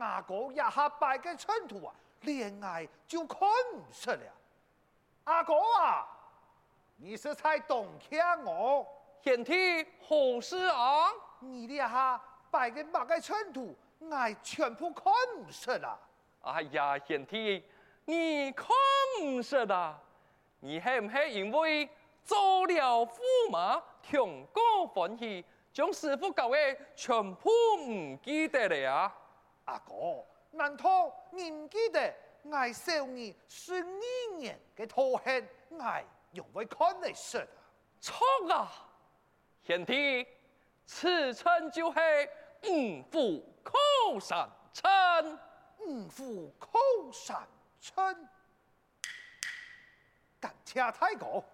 阿哥一下擺個陣圖啊，戀愛就看唔出了。阿哥啊，你是才懂起我？賢弟好事啊，你一下擺個萬個陣圖，我全部看唔出啦。哎呀，賢弟你看唔出啦？你係唔係因為做了駙馬，強哥歡喜，將師父教嘅全部唔記得了？阿哥，難道你唔記得，我少爺十二年嘅頭銜？我係會看嚟說啊？衝啊！賢弟，此城就係五府口上城，五府口上城。等下睇過。感